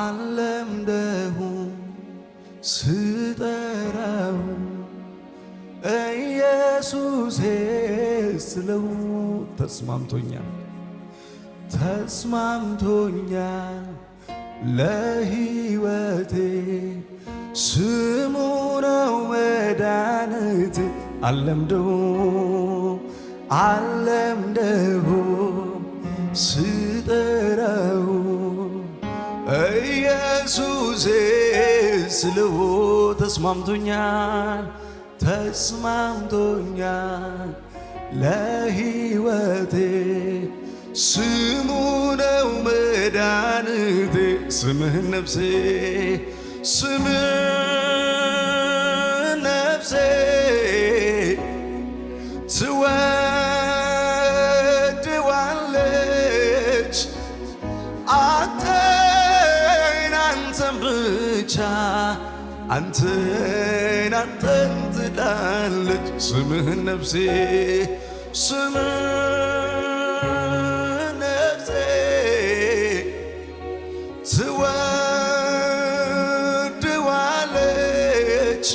አለምደሁ ስጠራው ኢየሱሴ ስለው ተስማምቶኛል ተስማምቶኛል ለሕይወቴ ስሙ ነው መድኃኒቴ አለምደሁ አለምደሁ ስጠራው ኢየሱሴ ስልዎ ተስማምቶኛል ተስማምቶኛል ለሕይወቴ ስሙ ነው መዳንቴ ስምህን ነፍሴ ስምህን ነፍሴ ትወ ብቻ አንተን አንተን ትላለች ስምህን ነፍሴ ስምህን ነፍሴ ትወድዋለች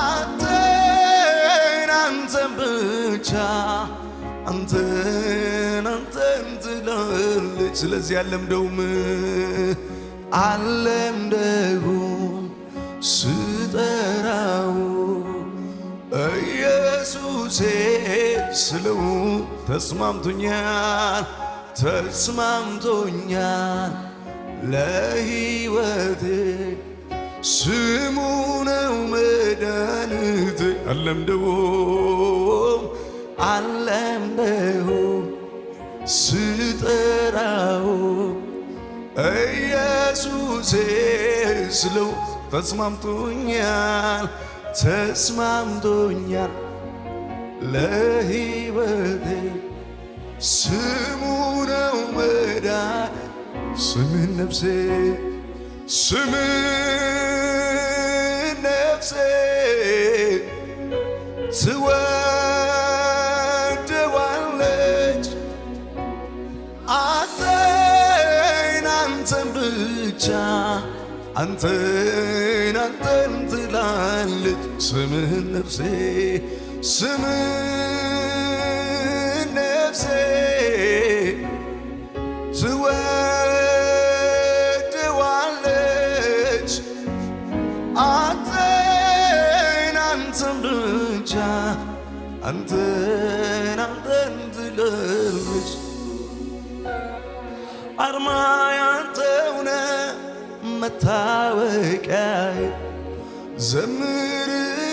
አንተን አንተን ብቻ አንተን አንተን ትላለች ስለዚህ ያለምደውም አለም ደጉም ስጠራው ኢየሱሴ ስለው ተስማምቶኛል ተስማምቶኛል ለህይወቴ ስሙ ነው መድኃኒቴ አለምደውም አለምደውም ስጠራው ኢየሱሴ ስለው ተስማምቶኛል ተስማምቶኛል ለህይወቴ ስሙ ነው መዳን ስምን ነፍሴ ስምን ነፍሴ ትወ ብቻ አንተን አንተን ትላለች ስምህን ነፍሴ ስምህን ነፍሴ ትወድዋለች አንተን አንተን ብቻ አንተን አንተን ትላለች አርማያ መታወቂያ ዘምር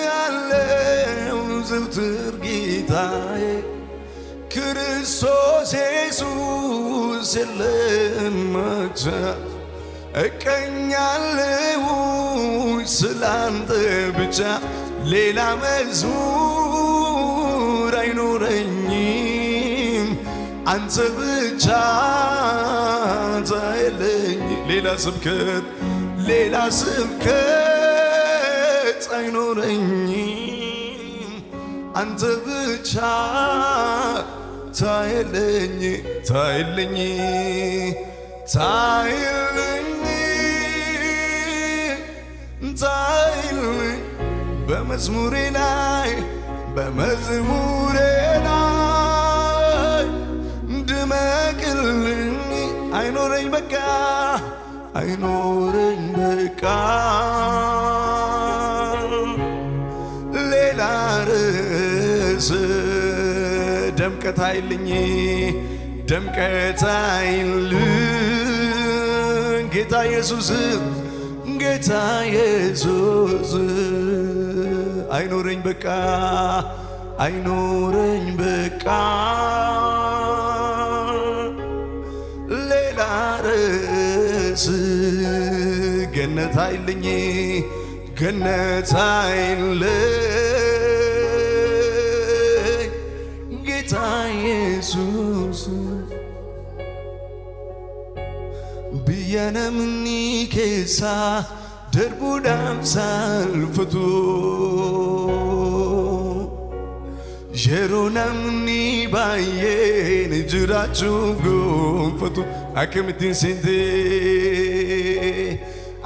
ያለው ዘውትር ጌታዬ ክርስቶስ ኢየሱስ የለም መግቻ እቀኛለሁ ስላንተ ብቻ ሌላ መዝሙር አይኖረኝም አንተ ብቻ ሌላ ስብከት ሌላ ስብከት አይኖረኝ አንተ ብቻ ታየለኝ ታየለኝ ታየለኝ ታየለኝ በመዝሙሬ ላይ በመዝሙሬ አይኖረኝ በቃል ሌላ ርዕስ ደምቀት አይልኝ ደምቀት አይል ጌታ ኢየሱስ ጌታ ኢየሱስ አይኖረኝ በቃ አይኖረኝ በቃ ገነት አይልኝ ገነት አይልኝ ጌታ ኢየሱስ ብየነምኒ ኬሳ ደርቡ ዳምሳልፍቱ የሮነምኒ ባየን ጅራችሁ ጎንፈቱ አክምትን ሴንቴ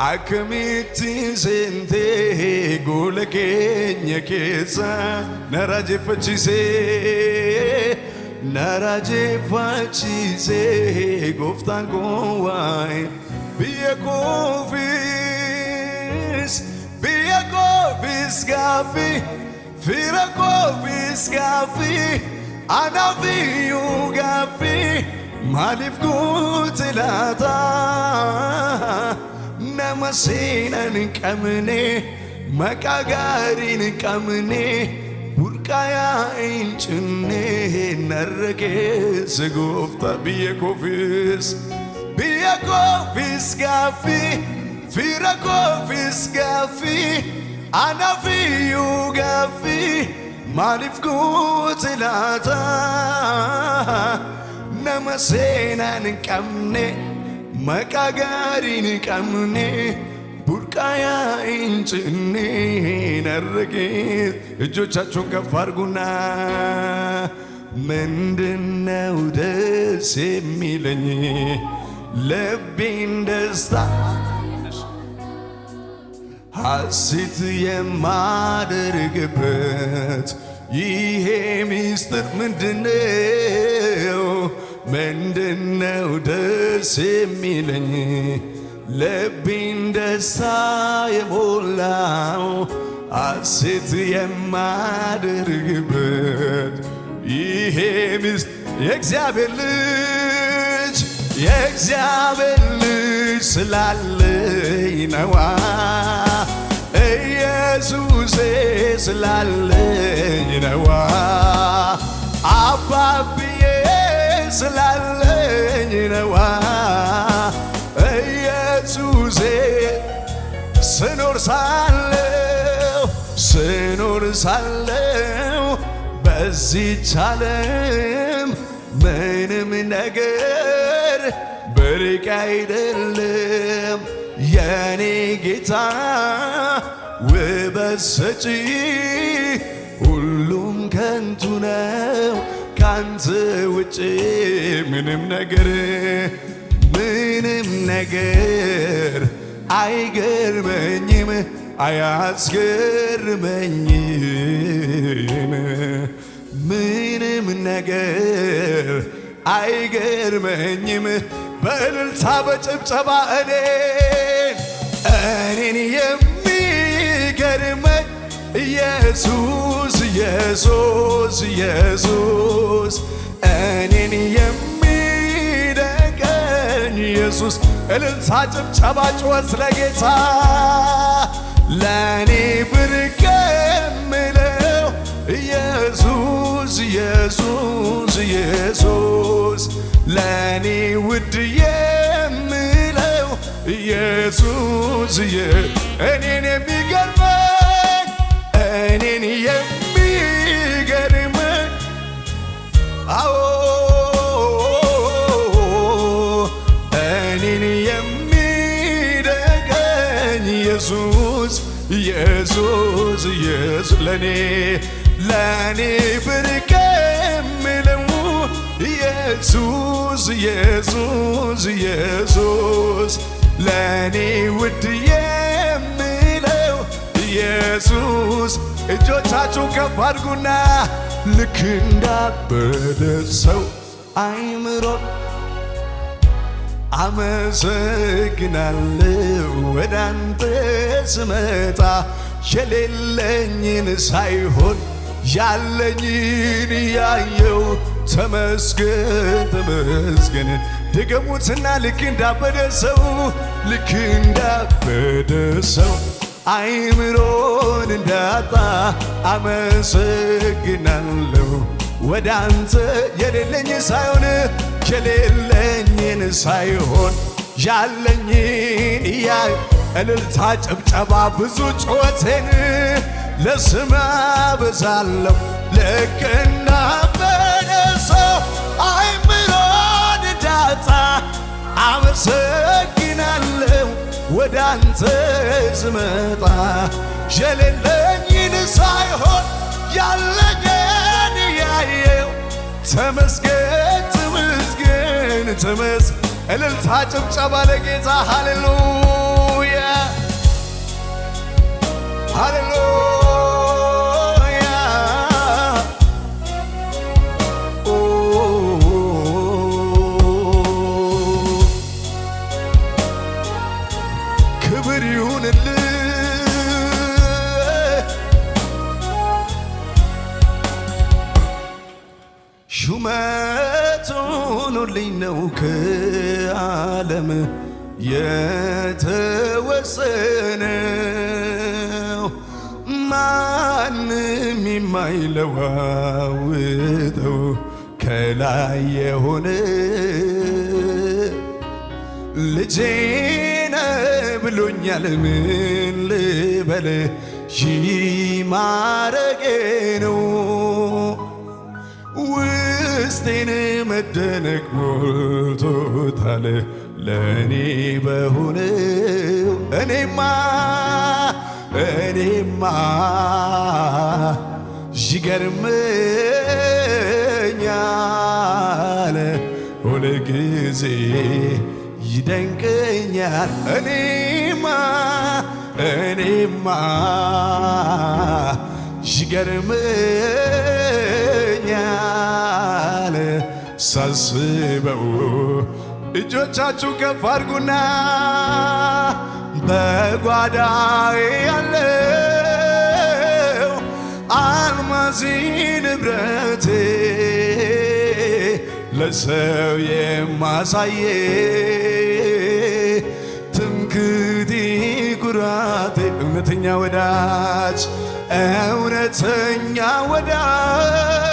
Akmiti sente gule kenya kesa naraje fachise naraje fachise goftan kowai biye kovis biye kovis gafi fira kovis gafi ana viu gafi malif gutilata መሲነን ቀምኔ መቃጋሪን ቀምኔ ቡርቃያ እንጭኔ ነረጌ ስጎፍታ ብየ ኮፊስ ብየ ኮፊስ ጋፊ ፊረ ኮፊስ ጋፊ አናፊዩ ጋፊ ማሊፍ ጉትላታ ነመሴናን ቀምኔ መቃጋሪን ቀምኔ ቡርቃያ ጭኔ ነርጌ እጆቻችሁን ከፍ አድርጉና ምንድነው ደስ የሚለኝ ልቤን ደስታ ሐሴት የማደርግበት ይሄ ሚስጥር ምንድነው? ምንድነው ደስ የሚለኝ ልቤን ደስታ የሞላው አሴት የማደርግበት ይሄ ሚስት የእግዚአብሔር ልጅ የእግዚአብሔር ልጅ ስላለኝ ነዋ ኢየሱሴ ስላለኝ ነዋ አባቢ ስላለኝ ነዋ ኢየሱሴ ስኖር ሳለው ስኖር ሳለው በዚች ዓለም ምንም ነገር ብርቅ አይደለም የኔ ጌታ ውበት ሰጪ ሁሉም ከንቱ ነው። ካንተ ውጭ ምንም ነገር ምንም ነገር አይገርመኝም አያስገርመኝም ምንም ነገር አይገርመኝም በእልልታ በጭብጨባ እኔ እኔን የሚገርመኝ ኢየሱስ ኢየሱስ ኢየሱስ እኔን የሚደገኝ ኢየሱስ። እልልታ ጭብጨባ ጩኸት ስለጌታ ለእኔ ብርቅ የምለው ኢየሱስ ኢየሱስ ኢየሱስ ለእኔ ውድ የምለው ኢየሱስ እኔን የሚገርመ ኢየሱስ ኢየሱስ ለኔ ለኔ ብርቅ የምለው ኢየሱስ ኢየሱስ ኢየሱስ ለኔ ውድ የምለው ኢየሱስ እጆቻችሁ ከፍ አድርጉና ልክ እንዳበደ ሰው አይምሮን አመሰግናለሁ ወደ ስመጣ የሌለኝን ሳይሆን ያለኝን ያየው ተመስገን ተመስገን። ደገሙትና ልክ እንዳበደ ሰው ልክ እንዳበደ ሰው አይምሮን እንዳጣ አመሰግናለሁ ወደ አንተ የሌለኝ ሳይሆን የሌለኝን ሳይሆን ያለኝን እያ እልልታ፣ ጭብጨባ፣ ብዙ ጩኸቴን ለስም በዛለሁ ልክና በደሶ አይምሮን ዳታ አመሰግናለሁ ወደ አንተ የሌለኝን ሳይሆን ያለኝ ያየው ተመስገን ተመስገን ተመስገን። እልልታ ጭብጨባ ለጌታ ሃሌሉያ ሃሌሉያ። ክብር ይሁንልን ሆኖልኝ ነው ከዓለም የተወሰነው ማንም የማይለዋውጠው ከላይ የሆነ ልጄነ ብሎኛል ምን ልበል ይህ ማረጌ ነው ውስጤን መደነቅ ሞልቶታል ለእኔ በሆነው እኔማ እኔማ ይገርመኛል ሁል ጊዜ ይደንቀኛል እኔማ እኔማ ይገርመኛል ሳስበው እጆቻችሁ ከፍ አድርጉና በጓዳ ያለው አልማዚ ንብረቴ ለሰው የማሳየ ትምክህቴ ኩራቴ እውነተኛ ወዳጅ እውነተኛ ወዳጅ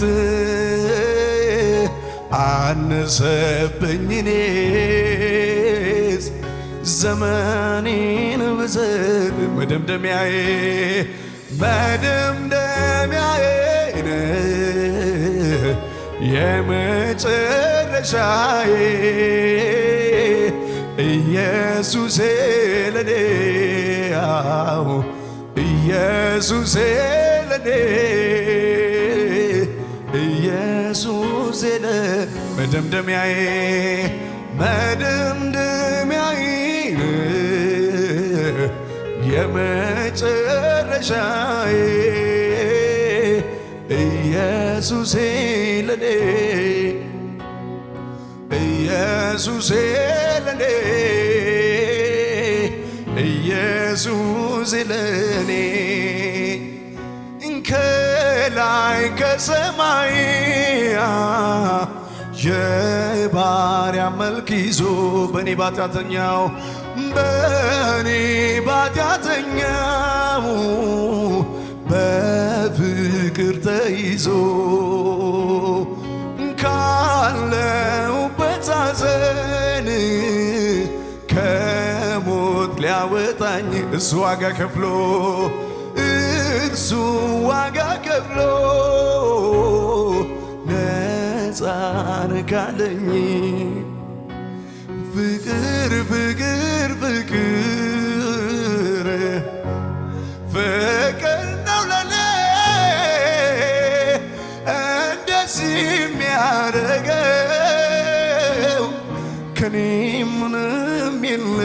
ምሕረት አነሰብኝ እኔስ ዘመኔን ብዘት መደምደሚያዬ መደምደሚያዬ የመጨረሻዬ ኢየሱሴ ለኔ ኢየሱሴ ለኔ ኢየሱስ ሄደ መደምደሚያዬ መደምደሚያዬ የመጨረሻዬ ኢየሱሴ ለኔ ኢየሱሴ ለኔ ኢየሱስ ለኔ ከላይ ከሰማይ የባሪያ መልክ ይዞ በእኔ ባጢአተኛው በእኔ ባጢአተኛው በፍቅር ተይዞ ካለውበት ሐዘን ከሞት ሊያወጣኝ እሱ ዋጋ ከፍሎ እርሱ ዋጋ ከፍሎ ነፃን ካለኝ ፍቅር ፍቅር ፍቅር ፍቅር ነው ለኔ እንደዚህ የሚያደርገው ከኔ ምንም የለ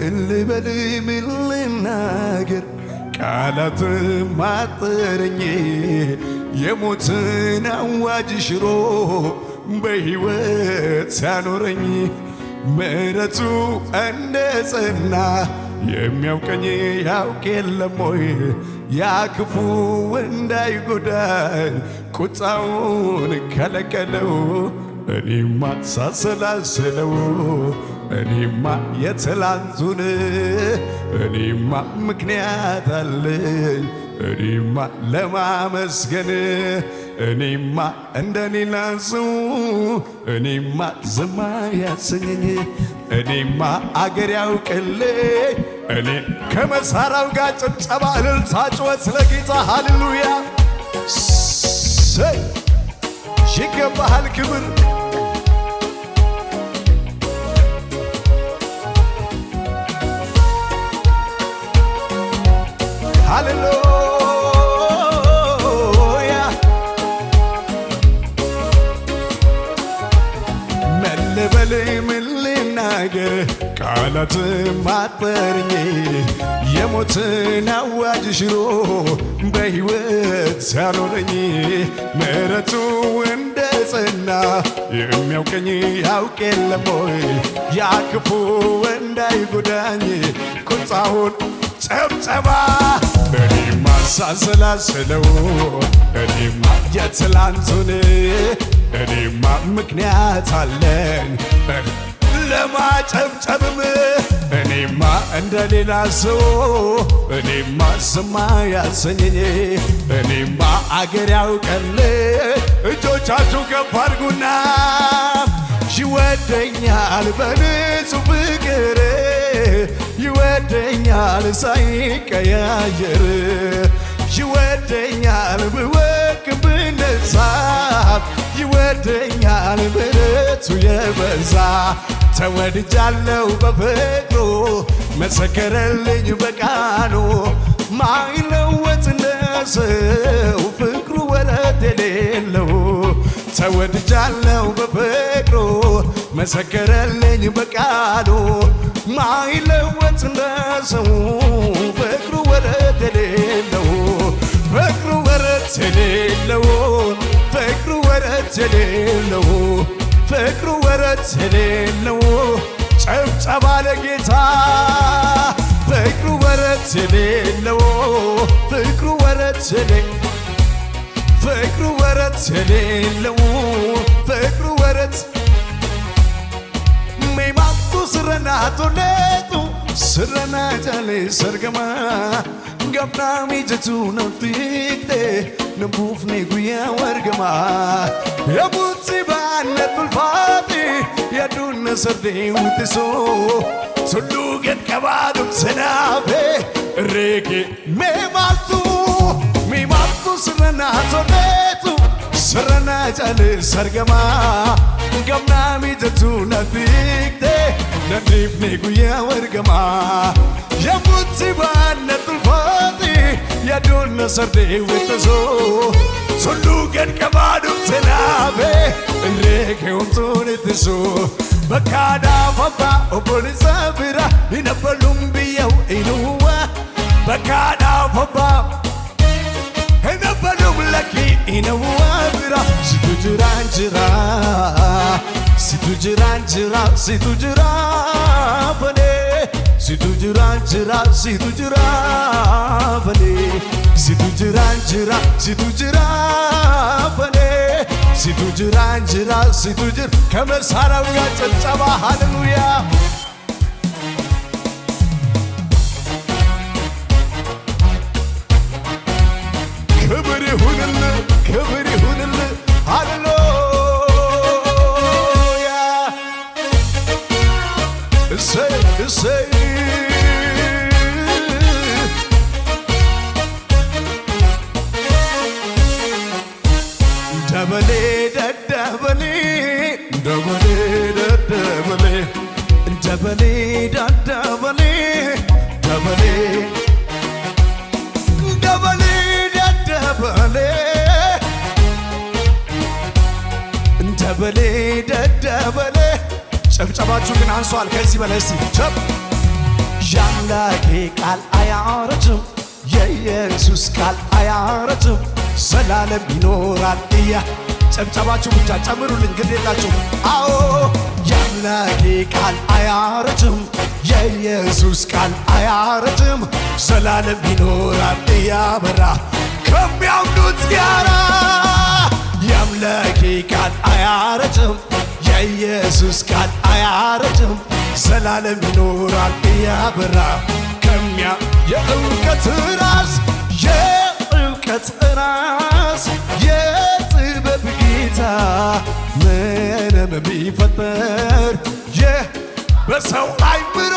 ምን ልበል ምን ልናገር ቃላትም አጠረኝ የሞትን አዋጅ ሽሮ በሕይወት ሲያኖረኝ ምሕረቱ እንደ ጸና የሚያውቀኝ ያውቅ የለም ወይ ያ ክፉ እንዳይጎዳኝ ቁጣውን ከለከለው እኔማ ሳሰላስለው እኔማ የትላንቱን እኔማ ምክንያት አለኝ እኔማ ለማመስገን እኔማ እንደሌላ ሰው እኔማ ዝማ ያሰኘኝ እኔማ አገር ያውቅልኝ እኔ ከመሳራው ጋር ጭብጨባ፣ እልልታ፣ ጩኸት ስለጌታ ሃሌሉያ ይገባሃል ክብር ሃሌሉያ ምን ልበል ምን ልናገር ቃላትም አጥበርኝ የሞትን አዋጅ ሽሮ በሕይወት ሲያኖረኝ ምሕረቱ እንደ ጸና የሚያውቀኝ ያውቅ የለም ወይ ያ ክፉ እንዳይጎዳኝ ቁጣውን ጨብጨባ እኔማ ሳንሰላስለው እኔማ የትላንቱን እኔማ ምክንያት አለኝ ለማጨብጨብም እኔማ እንደሌላ ሰው እኔማ ስማ ያሰኘኝ እኔማ አገር ያውቀል እጆቻችሁ ከፍ አድርጉና ይወደኛል በንጹ ፍቅር ይወደኛል ሳይቀያየር ይወደኛል ብወድቅም ብነሳ ይወደኛል ምሕረቱ የበዛ ተወድጃለሁ በፍቅሩ መሰከረልኝ በቃሉ ማይለወጥ እንደ ፍቅሩ ወረት የሌለው ተወድጃለሁ በፍቅሩ መሰከረልኝ በቃሉ ማይለወጥ እንደሰው ፍቅሩ ወረት የሌለው ፍቅሩ ወረት የሌለው ፍቅሩ ወረት የሌለው ፍቅሩ ወረት የሌለው ጨብጨባ ለጌታ ፍቅሩ ወረት የሌለው ፍቅሩ ወረት የሌለው ፍቅሩ ወረት የሌለው ፍቅሩ ወረት barattoletu sirna jaalee sargamaa gabdhaa mijatuu namtiiqxee nambuufne guyyaa wargamaa yabuutti baanne tulfaati yaadunna sardee wuxisoo tulluu gad qabaadum senaafe irreeke meemaaltu meemaaltu sirna toletu sirna jaalee sargamaa gabdhaa mijatuu namtiiqxee ለኒፍኒ ጉያ ወርገማ የሙቲ ባነቱል ፋጢ የዱነ ሰርዴ ወተዞ ሱሉ ገድ ቀባዱ ሰናቤ እንሬከ ወምቱን ትሱ በካዳ ፈባ ኦቦን ሰብራ ይነበሉም ብየው ኢኑዋ በካዳ ፈባ ይነበሉም ለኪ ኢነዋ ብራ ዝጉጅራን ጅራ Si tu gira, gira, si tu gira bene Si tu gira, gira, si tu gira bene Si tu gira, gira, si tu gira bene Si tu gira, gira, si tu gira ከመሳሪያው ጋር ጭብጨባ ሃሌሉያ ደደበሌ ደደበሌ ጨብጨባችሁ ግን አንሷል። ከዚህ በላይ እስቲ ጨብ ያምላኬ ቃል አያረጅም፣ የኢየሱስ ቃል አያረጅም፣ ዘላለም ይኖራል እያ ጨብጨባችሁ ብቻ ጨምሩልኝ፣ ግድ የላችሁ አዎ ያምላኬ ቃል አያረጅም፣ የኢየሱስ ቃል አያረጅም፣ ዘላለም ይኖራል እያበራ ከሚያምኑት ጋራ የአምላኬ ቃል አያረጅም፣ የኢየሱስ ቃል አያረጅም። ዘላለም ይኖራል እያበራ ከሚያ የእውቀት ራስ የእውቀት ራስ የጥበብ ጌታ ምንም ቢፈጠር ይህ በሰው አይምሮ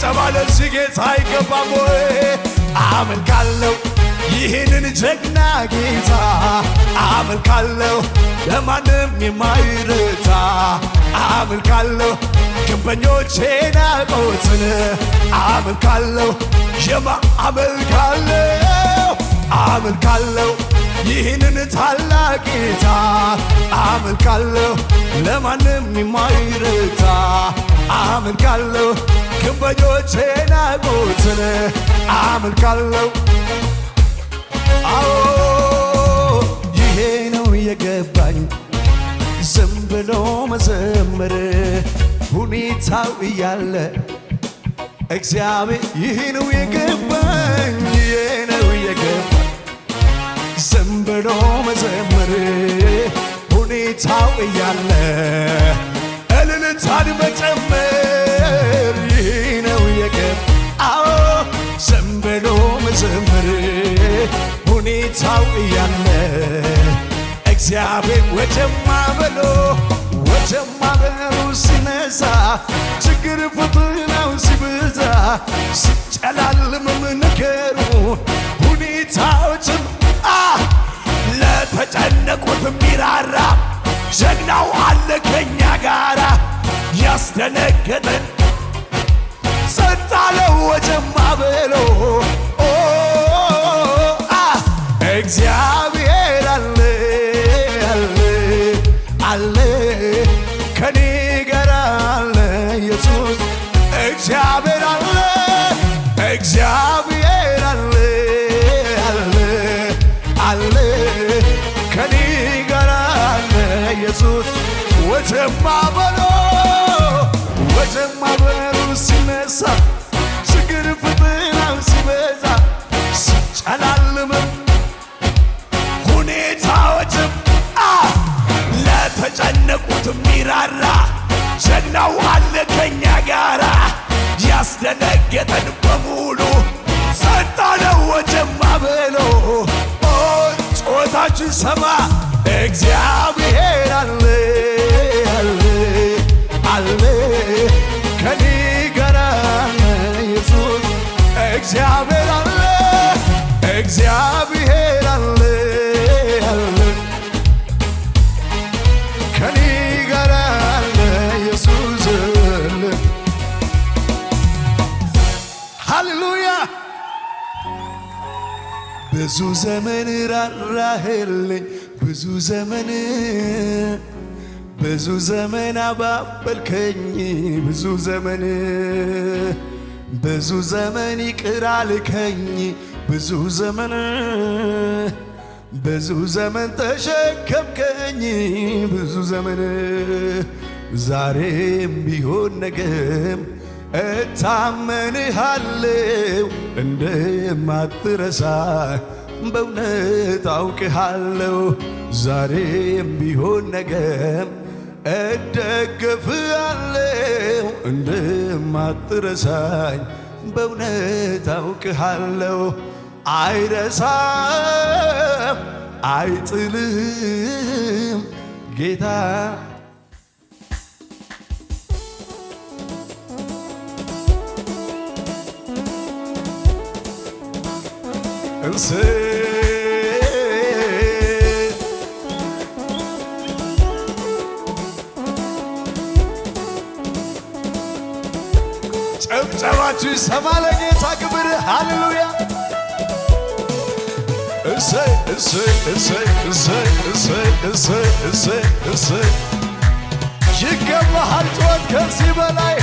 ጭብጨባ ለዚህ ጌታ አይገባም ወይ? አመልካለው ይህንን ጀግና ጌታ አመልካለው ለማንም የማይረታ አመልካለው ግንበኞቼን አቆትን አመልካለው የማ አመልካለው አመልካለው ይህንን ታላቅ ጌታ አመልካለው ለማንም የማይረታ አመልካለሁ ግንበኞቼ ናቁትን አመልካለሁ አዎ ይሄ ነው የገባኝ ዝም ብሎ መዘምር ሁኔታው እያለ እግዚአብሔር ይሄ ነው የገባኝ ይሄ ነው የገባኝ ዝም ብሎ መዘምር ሁኔታው እያለ ብርሃን መጨመር ይህ ነው የቀን አዎ ዘንበሎ ብሎ መዘምር ሁኔታው እያለ እግዚአብሔር ወጀማ በሎ ወጀማ በሉ ሲነሳ ችግር ፈተናው ሲብዛ ሲጨላልምም ነገሩ ሁኔታዎችም ለተጨነቁት ሚራራ ጀግናው አለ ከኛ ጋራ ያስደነገጠን ጸጣለው ወጀማ ብሎ እግዚአብሔር አለ አለ አለ ከኔ ጋር አለ ኢየሱስ እግዚአብሔር አለ እግዚአብሔር አለ አለ አለ ከኔ ጋር አለ ኢየሱስ ወጀማ ብሎ ጀማበሩ ሲነሳ ችግር ፍትናው ሲበዛ ሲጨላልምም ሁኔታዎችም ለተጨነቁት ሚራራ ጀግናው አለ ከኛ ጋራ ያስደነገጠን በሙሉ ሰጣለው ጀማ ብሎ ጮታችን ሰማ እግዚአብሔር አለ እግዚአብሔር አለ እግዚአብሔር አለ አለ ከኔ ጋር አለ ኢየሱስ አለ ሃሌሉያ ብዙ ዘመን ራራህልኝ ብዙ ዘመን ብዙ ዘመን አባበልከኝ ብዙ ዘመን ብዙ ዘመን ይቅር አልከኝ ብዙ ዘመን ብዙ ዘመን ተሸከምከኝ ብዙ ዘመን ዛሬም ቢሆን ነገም እታመንሃለው እንደማትረሳ በእውነት አውቅሃለው ዛሬም ቢሆን ነገም እደገፍሃለሁ እንደማትረሳኝ በእውነት አውቅሃለሁ። አይረሳም አይጥልም ጌታ እሴ ጭብጨባችሁ ይሰማ ለጌታ ክብር ሃሌሉያ። እሰይ እሰይ እሰይ እሰይ እሰይ እሰይ እሰይ እሰይ ይገባሃል ጩኸት ከዚህ በላይ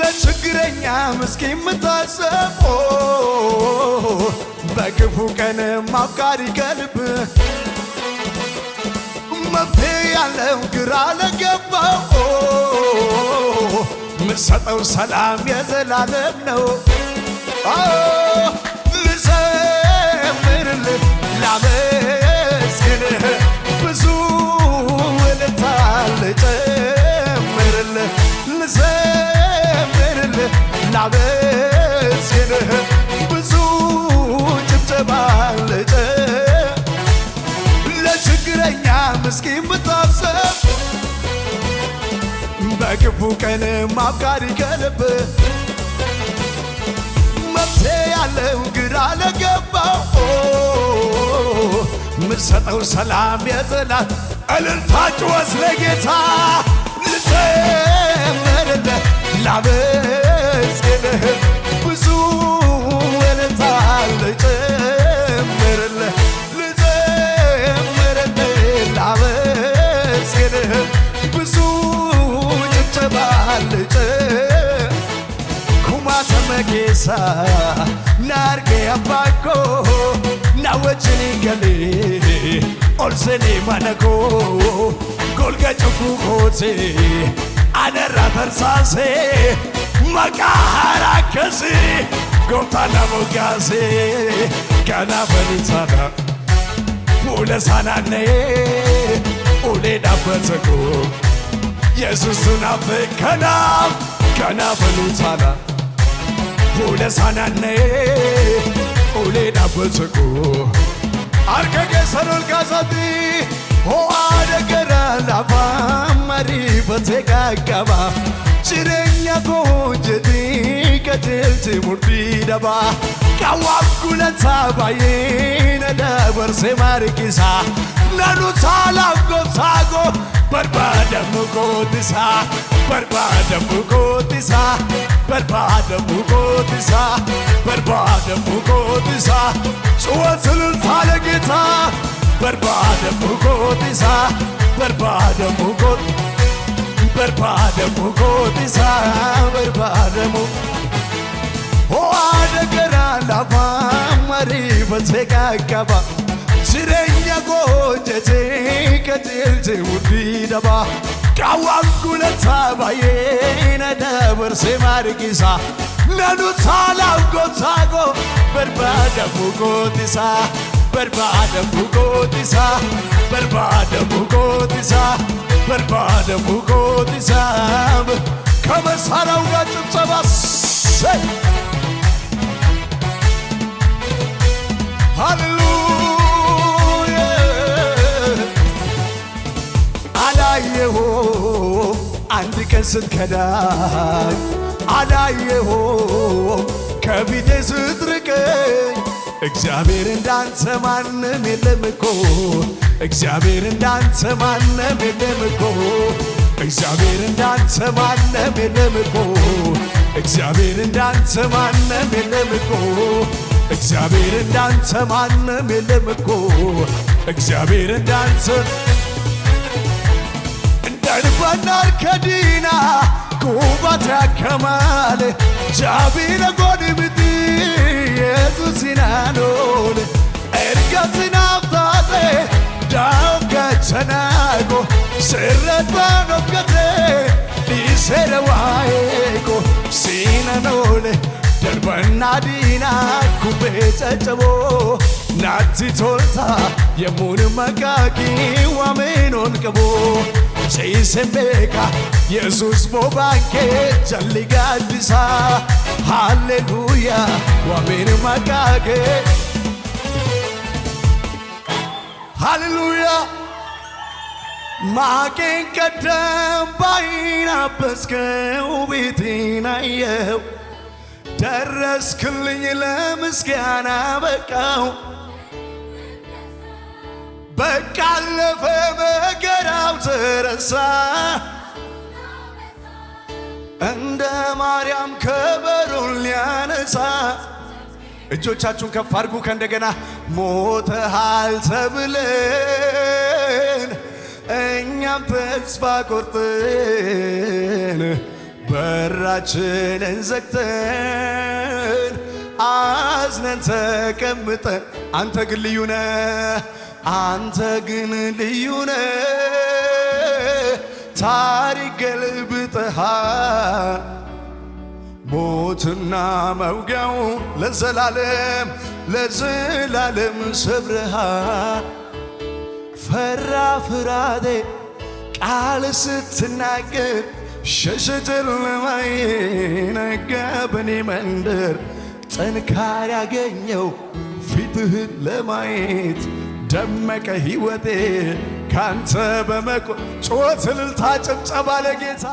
ለችግረኛ ምስኪን የምታስበው በክፉ ቀን አፍቃሪ ከልብ መፍትሄ ያለው ግራ ለገባው ምሰጠው ሰላም የዘላለም ነው። ልዘምርልህ ላመስግንህ ብዙ ውለታ ልጨምርልህ ልዘምርልህ ላመስግንህ የተባለጠ ለችግረኛ ምስኪን ብታስብ በክፉ ቀን አፍቃሪ ከልብ መፍትሄ ያለው ግራ ለገባው ምሰጠው ሰላም የጥላት እልልታ ጩኸት ለጌታ ልዘምርልህ ላመስግንህ ብዙ ጌሳ ናርጌ አባኮ ናወችኒ ገሌ ኦልሴኔ ማነኮ ጎልገ ኮቴ አነራ ተርሳሴ መቃሃራ ከሴ ጎምታና ሞጋሴ ገና በኒታና ፉለሳናነ ኡሌ ዳበተኮ የሱሱና ፍከና ገና በሉታና ቡለሳናነ ኦሌዳ በጽቁ አርከገ ሰሎል ጋዛቲ ሆአደ ገራ ላፋ ማሪ በቴጋ ቀባ ጅሬኛ ኮጀቲ ቀጀልቲ ሙርቲ ደባ ዳዋብኩለታ ባይነ ደበርሴ ማርኪሳ ነኑታ ላጎብሳጎ በርባደሙ ጎትሳ በርባደሙ ጎትሳ በርባደሙ ጎትሳ በርባደሙ ጎትሳ ጩኸት እልልታ ለጌታ በርባደሙ ጎትሳ በርባደሙ ጎት በርባደሙ ጎትሳ በርባደሙ ሆ አደገ lafaa basse qaqqaba jireenya koo jechee qajeelchee mudhii dhabaa qaawwaan duletaa baay'ee na dabarsee maargisaa nanu saalaaf gosaa koo barbaada buqootisaa barbaada buqootisaa barbaada buqootisaa barbaada buqootisaa kama saaraawwan cabsabaas. Hey! ሃሌሉያ አላየሆ አንድ ቀን ስትከዳኝ አላየሆ ከፊቴ ስትርቀኝ እግዚአብሔር እንዳንተ ማንም የለም እኮ እግዚአብሔር እንዳንተ ማንም የለም እኮ እግዚአብሔር እንዳንተ ማንም የለም እኮ እግዚአብሔር እንዳንተ ማንም የለም እኮ እግዚአብሔር እንዳንተ ማንም የለም እኮ እግዚአብሔር እንዳንተ እንዳንባናር ከዲና ኩባት ያከማል ጃቢነ ጎድምት የሱሲናኖን ኤርጋትናፋጤ ዳውጋቸናጎ ስረባኖገቴ ሊሴረዋይቆ ሲነኖሌ በናዲና ኩቤ ጨጨቦ ናቲ ቶልታ የሙን መቃቂ ዋሜኖን ቅቦ ቼሰንቤካ የሱስ ቦባንኬ ጀልጋ አዲሳ ሃሌሉያ ዋሜን መቃቄ ሃሌሉያ ማቄን ቀደም ባይናበስከው ቤቴን አየው ደረስክልኝ ለምስጋና በቃው በቃለፈ መገራው ተረሳ እንደ ማርያም ከበሩን ሊያነሳ እጆቻችሁን ከፍ አድርጉ ከእንደገና ሞተሃል ተብለን እኛም ተስፋ ቆርጥን በራችንን ዘግተን አዝነን ተቀምጠን፣ አንተ ግን ልዩ ነህ፣ አንተ ግን ልዩ ነ ታሪክ ገልብጠሃል። ሞትና መውጊያው ለዘላለም ለዘላለም ሰብረሃል። ፈራ ፍራቴ ቃል ስትናገር ሸሸ ጨለማዬ ነጋ በኔ መንደር ጥንካሬ ያገኘው ፊትህን ለማየት ደመቀ ሕይወቴ ካንተ በመቆ ጮት እልልታ ጭብጨባ ለጌታ